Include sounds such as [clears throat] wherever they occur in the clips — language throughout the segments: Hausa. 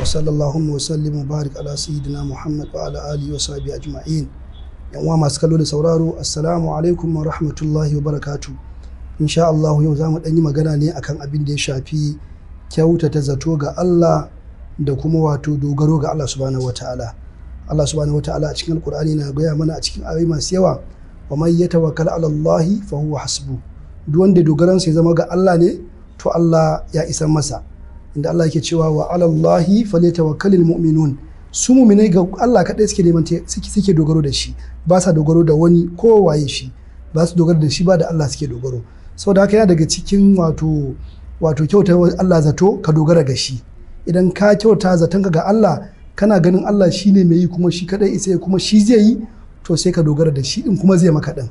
وصلى اللهم وسلم وبارك على سيدنا محمد وعلى آله وصحبه أجمعين yan uwa masu kallo da sauraro assalamu alaikum wa rahmatullahi wa barakatu insha Allah yau zamu mu dan yi magana ne akan abin da ya shafi kyautata zato ga Allah da kuma wato dogaro ga Allah subhanahu wataala Allah subhanahu wataala a cikin Alkur'ani na gaya mana a cikin ayoyi masu yawa wa man yatawakkal ala Allah fa huwa hasbu duk wanda dogaran sa ya zama ga Allah ne to Allah ya isa masa inda Allah yake cewa wa alallahi falyatawakkalul mu'minun su mu'minai ga Allah kadai suke neman suke dogaro da shi ba sa dogaro da wani ko waye shi ba su dogaro da shi ba da Allah suke dogaro saboda haka yana daga cikin wato wato kyauta Allah zato ka dogara ga shi idan ka kyauta zaton ka ga Allah kana ganin Allah shine mai yi kuma shi kadai sai kuma shi zai yi to sai ka dogara da shi din kuma zai maka din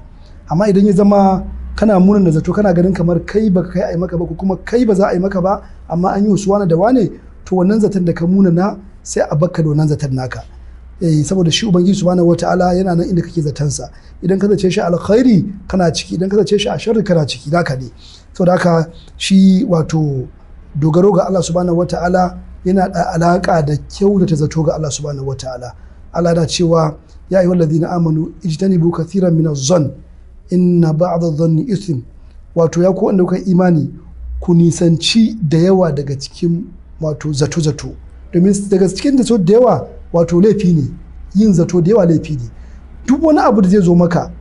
amma idan ya zama kana munin da zato kana ganin kamar kai ba kai ai maka ba ko kuma kai ba za a yi maka ba amma an yi wasuwa da wane to wannan zaton da ka muna na sai a bakka da wannan zaton naka eh saboda shi ubangiji subhanahu wataala yana nan inda kake zaton sa idan ka zace shi alkhairi kana ciki idan ka zace shi a sharri kana ciki naka ne saboda haka shi wato dogaro ga Allah subhanahu wataala yana da alaka da ta zato ga Allah subhanahu wataala Allah na cewa ya ayyuhallazina amanu ijtanibu kathiran minaz-zann inna ba'da dhanni ism wato ya ku wanda kuka imani ku nisanci da yawa daga cikin wato zato zato domin daga cikin so da yawa wato laifi ne yin zato da yawa laifi ne duk wani abu da zai zo maka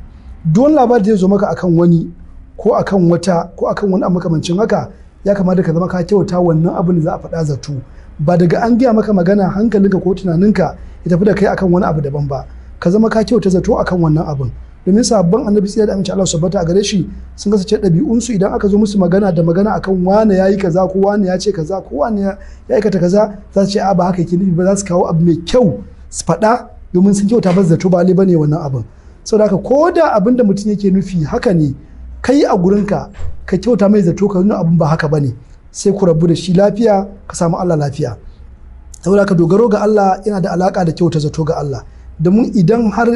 don labar da zai zo maka akan wani ko akan wata ko akan wani makamancin haka ya kamata ka zama ka kyauta wannan abin da za a faɗa zato ba daga an gaya maka magana hankalinka ko tunaninka ya tafi da kai akan wani abu daban ba ka zama ka kyauta zato akan wannan abin domin sabon annabi sai da amince Allah subhanahu gare shi sun kasance su idan aka zo musu magana da magana akan wane yayi kaza ko wane ya ce kaza ko wane ya aikata kaza za su ce a ba haka yake nufi ba za su kawo abu mai kyau su faɗa domin sun kyauta ba zato ba bane wannan abin saboda haka ko da abin da mutum yake nufi haka ne kai a gurinka ka kyauta mai zato ka nuna abin ba haka bane sai ku rabu da shi lafiya ka samu Allah lafiya saboda haka dogaro ga Allah yana da alaka da kyauta zato ga Allah domin idan har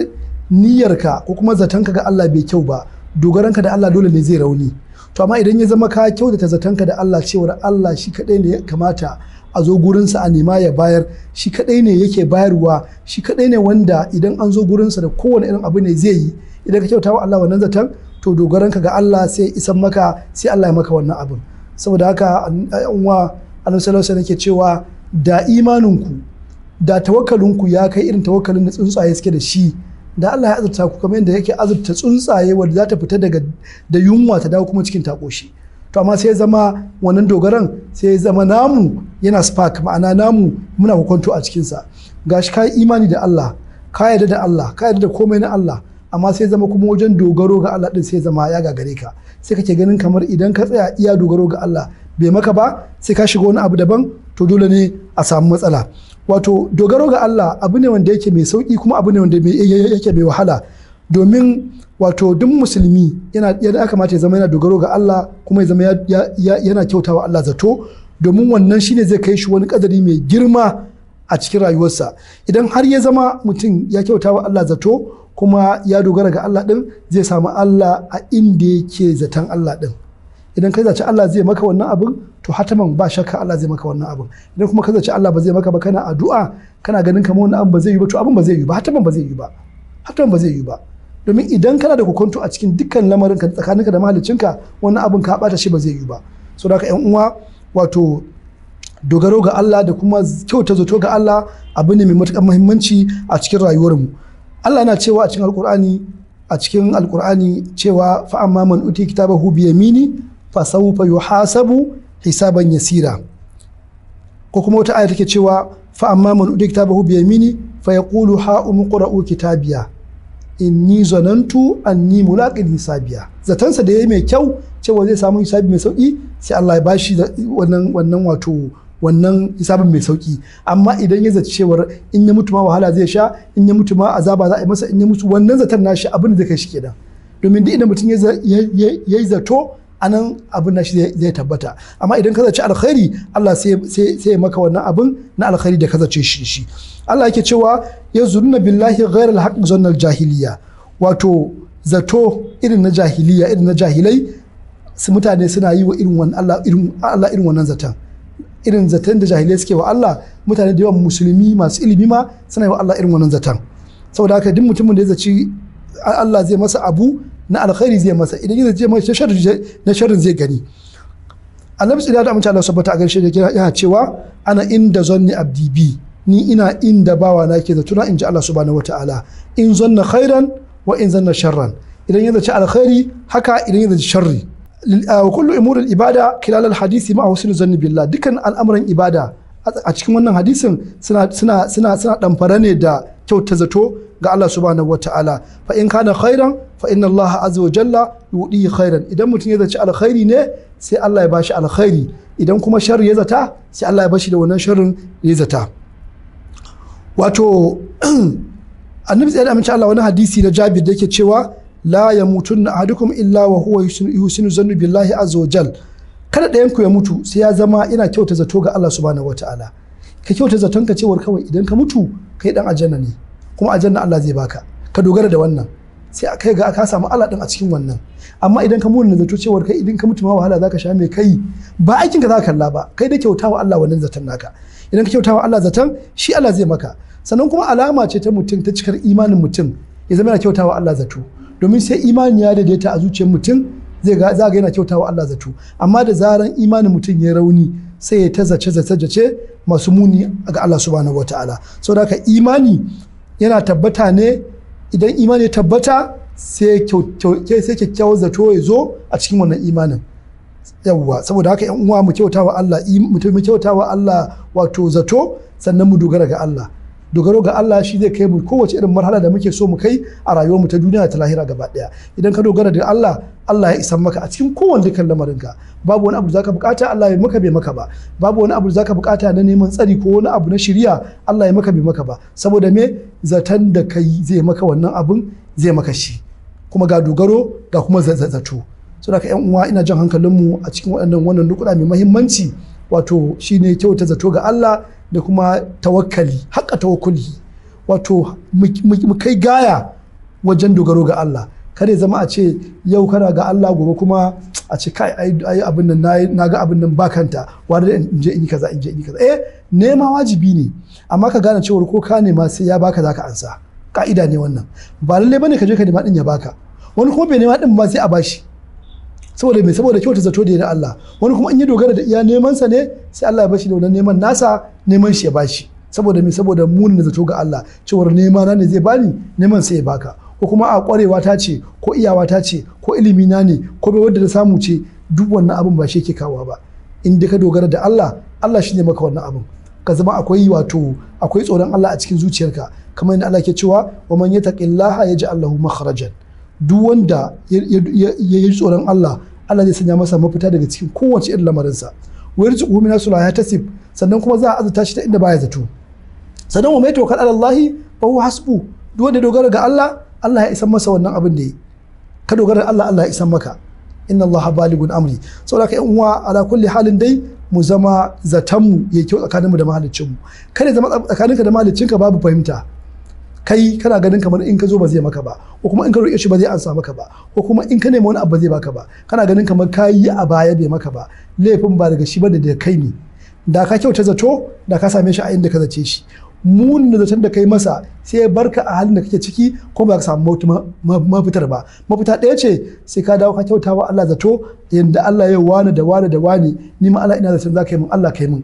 niyyarka ko kuma zatonka ga Allah bai kyau ba dogaranka da Allah dole ne zai rauni to amma idan ya zama ka kyautata zatonka da Allah cewar Allah shi kadai ne ya kamata a zo gurinsa a nema ya bayar shi kadai ne yake bayarwa shi kadai ne wanda idan an zo gurinsa da kowane irin abu ne zai yi idan ka kyautawa wa Allah wannan zaton to dogaranka ga Allah sai isan maka sai Allah ya maka wannan abin saboda haka anwa annabi sallallahu alaihi cewa da imaninku da tawakkalinku ya kai irin tawakkalin da tsuntsaye suke da shi da Allah ya azurta ku kamar yadda yake azurta tsuntsaye wadda za ta fita daga da yunwa ta dawo kuma cikin takoshi to amma sai zama wannan dogaran sai zama namu yana spark ma'ana namu muna hukunto a cikin sa gashi ka imani da Allah ka yarda da Allah ka yarda da komai na Allah amma sai zama kuma wajen dogaro ga Allah din sai zama ya gagare ka sai kake ganin kamar idan ka tsaya iya dogaro ga Allah bai maka ba sai ka shiga wani abu daban to dole ne a samu matsala wato dogaro ga Allah abu ne wanda yake mai sauki kuma abu ne wanda yake mai wahala domin wato duk musulmi yana ya kamata ya zama yana dogaro ga Allah kuma ya zama yana kyautawa Allah zato domin wannan shine zai kai shi wani kadari mai girma a cikin rayuwarsa idan har ya zama mutum ya kyautawa Allah zato kuma ya dogara ga Allah din zai samu Allah a inda yake zaton Allah din idan kai zaci Allah zai maka wannan abin to hataman ba shakka Allah zai maka wannan abin idan kuma kai zaci Allah ba zai maka ba kana addu'a kana ganin kamar wannan abin ba zai yi ba to abin ba zai yi ba hataman ba zai yi ba hataman ba zai yi ba domin idan kana da kokonto a cikin dukkan lamarin ka tsakaninka da mahaliccinka wannan abin ka bata shi ba zai yi ba so da yan uwa wato dogaro ga Allah da kuma kyauta zato ga Allah abu ne mai matukar muhimmanci a cikin rayuwarmu Allah na cewa a cikin alkur'ani a cikin alkur'ani cewa fa amma man uti kitabahu bi yamini yi hasabu hisaban yasira ko kuma wata aya take cewa fa amma man udi kitabahu bi yamini fa yaqulu ha umqra'u kitabiya inni zanantu anni mulaqin hisabiya zatansa da yayi mai kyau cewa zai samu hisabi mai sauki sai Allah ya bashi wannan wannan wato wannan hisabin mai sauki amma idan ya zaci cewar in ya mutu ma wahala zai sha in ya mutu ma azaba za a yi masa in ya mutu wannan zaton nashi abin da zai kai shi kenan domin duk idan mutum ya yi zato anan abin na shi zai tabbata amma idan ka zace alkhairi Allah sai maka wannan abin na alkhairi da ka zace shi shi Allah yake cewa ya zunna billahi ghairal haqq zannal jahiliya wato zato irin na jahiliya irin na jahilai su mutane suna yi wa irin wannan Allah irin Allah irin wannan zaton irin zaton da jahilai suke wa Allah mutane da yawan musulmi masu ilimi ma suna yi wa Allah irin wannan zaton saboda haka duk mutumin da ya zaci Allah zai masa abu na alkhairi zai masa idan ya zai masa na sharrin zai gani annabi tsira da amince Allah sabbata a garshe da yana cewa ana inda zanni abdi bi ni ina inda bawa na ke zatuna in ji Allah subhanahu wataala in zanna khairan wa in zanna sharran idan yadda zaci alkhairi haka idan yadda zaci sharri ah, wa kullu umurul ibada khilal al hadisi ma husnul zanni billah dukkan al'amuran ibada a cikin wannan hadisin suna suna suna suna damfara ne da kyauta zato ga Allah subhanahu wataala fa in kana khairan fa inna Allah azza wa jalla yudi khairan idan mutum ya zaci alkhairi ne sai Allah ya bashi alkhairi idan kuma sharri ya zata sai Allah ya bashi da wannan sharrin ya zata wato [clears throat] annabi tsaye da amince Allah wani hadisi na Jabir da yake cewa la na ahadukum illa wa huwa yusinu zannu billahi azza wa jalla kada ɗayan ku ya mutu sai ya zama ina kyauta zato ga Allah subhanahu wataala ka kyauta zaton ka cewar kawai idan ka mutu kai dan aljanna ne kuma aljanna Allah zai baka ka dogara da wannan sai kai ga ka samu Allah din a cikin wannan amma idan ka muna zato cewar kai idan ka mutu ma wahala zaka sha mai kai ba aikin ka zaka kalla ba kai da kyautawa Allah wannan zaton naka idan ka kyautawa Allah zaton shi Allah zai maka sannan kuma alama ce ta mutum ta cikar imanin mutum ya zama yana kyautawa Allah zato domin sai imani ya daidaita a zuciyar mutum zai ga zaga yana kyautawa Allah zato amma da zaran imanin mutum ya rauni sai ya ta zace zace zace masu muni ga Allah subhanahu wataala saboda haka imani yana tabbata ne idan imani tabbata sai kyakkyawar zato ya zo a cikin wannan imanin yawwa saboda haka yan uwa mu kyautawa Allah mu kyautawa Allah wato zato sannan mu dogara ga Allah dogaro ga Allah shi zai kai mu kowace irin marhala da muke so mu kai a rayuwar mu ta duniya ta lahira gaba daya idan ka dogara da Allah Allah ya isan maka a cikin kowane dukkan ka babu wani abu da zaka bukata Allah ya maka bai maka ba babu wani abu da zaka bukata na neman tsari ko wani abu na shiriya Allah ya maka bai maka ba saboda me zaton da kai zai maka wannan abun zai maka shi kuma ga dogaro ga kuma zato saboda ka yan uwa ina jan hankalinmu a cikin waɗannan wannan lokuta mai muhimmanci wato shine kyauta zato ga Allah da kuma tawakkali haƙa tawakkuli wato mu kai gaya wajen dogaro ga Allah kare zama a ce yau kana ga Allah gobe kuma a ce kai ai abin nan na ga abin nan bakanta wani da in in yi kaza in in yi kaza eh nema wajibi ne amma ka gane cewa ko ka nema sai ya baka zaka ansa ka'ida ne wannan ba lalle bane ka je ka nema din ya baka wani kuma bai nema din ba sai a bashi saboda mai saboda kyauta zato da Allah wani kuma in ya dogara da iya neman sa ne sai Allah ya bashi da wannan neman nasa neman shi ya bashi saboda mai saboda munin da zato ga Allah cewar nema na ne zai bani neman sai ya baka ko kuma a kwarewa ta ce ko iyawa ta ce ko ilimi na ne ko bai wanda da samu ce duk wannan abin ba shi yake kawo ba in dai ka dogara da Allah Allah shi ne maka wannan abin ka zama akwai wato akwai tsoron Allah a cikin zuciyarka kamar yadda Allah ke cewa wa man yataqillaha yaj'al lahu makhrajan duk wanda ya yi tsoron Allah Allah zai sanya masa mafita daga cikin kowace irin lamarinsa wa ci umina sula ya tasib sannan kuma za a azuta shi ta inda baya zato sannan wa mai tawakkal ala Allah fa huwa hasbu duk wanda dogara ga Allah Allah ya isan masa wannan abin da yi ka dogara Allah Allah ya isan maka inna Allah baligun amri saboda ka yan uwa ala kulli halin dai mu zama zatanmu ya kyau tsakaninmu da mahaliccinmu kada zama tsakaninka da mahaliccinka babu fahimta kai kana ganin kamar in ka zo ba zai maka ba ko kuma in ka roƙe shi ba zai ansa maka ba ko kuma in ka nemi wani abu ba zai baka ba kana ganin kamar ka yi a baya bai maka ba laifin ba daga shi ba da daga kai ne da ka kyauta zato da ka same shi a inda ka zace shi munin da zaton da kai masa sai ya barka a halin da kake ciki ko ba ka samu mafitar ba mafita ɗaya ce sai ka dawo ka kyauta wa Allah zato yanda Allah ya wani da wani da wani ni ma Allah ina zaton za ka yi min Allah ka yi min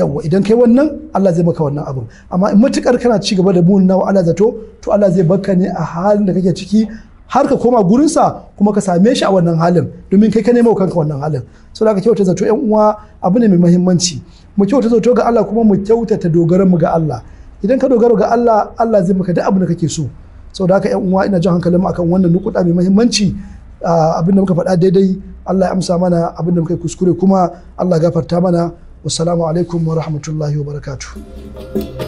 yawwa idan kai wannan Allah zai maka wannan abin amma in matukar kana ci gaba da mun nawa Allah zato to Allah zai baka ne a halin da kake ciki har ka koma gurinsa kuma ka same shi a wannan halin domin kai ka nemo kanka wannan halin so da ka kyauta zato yan uwa abu ne mai muhimmanci mu kyauta zato ga Allah kuma mu kyautata dogaran mu ga Allah idan ka dogara ga Allah Allah zai maka duk abin da kake so so haka yan uwa ina jin hankalin mu akan wannan nukuda mai muhimmanci ah, abin da muka faɗa daidai Allah ya amsa mana abin da muka kuskure kuma Allah gafarta mana wassalamu alaikum wa rahmatullahi wa barakatuh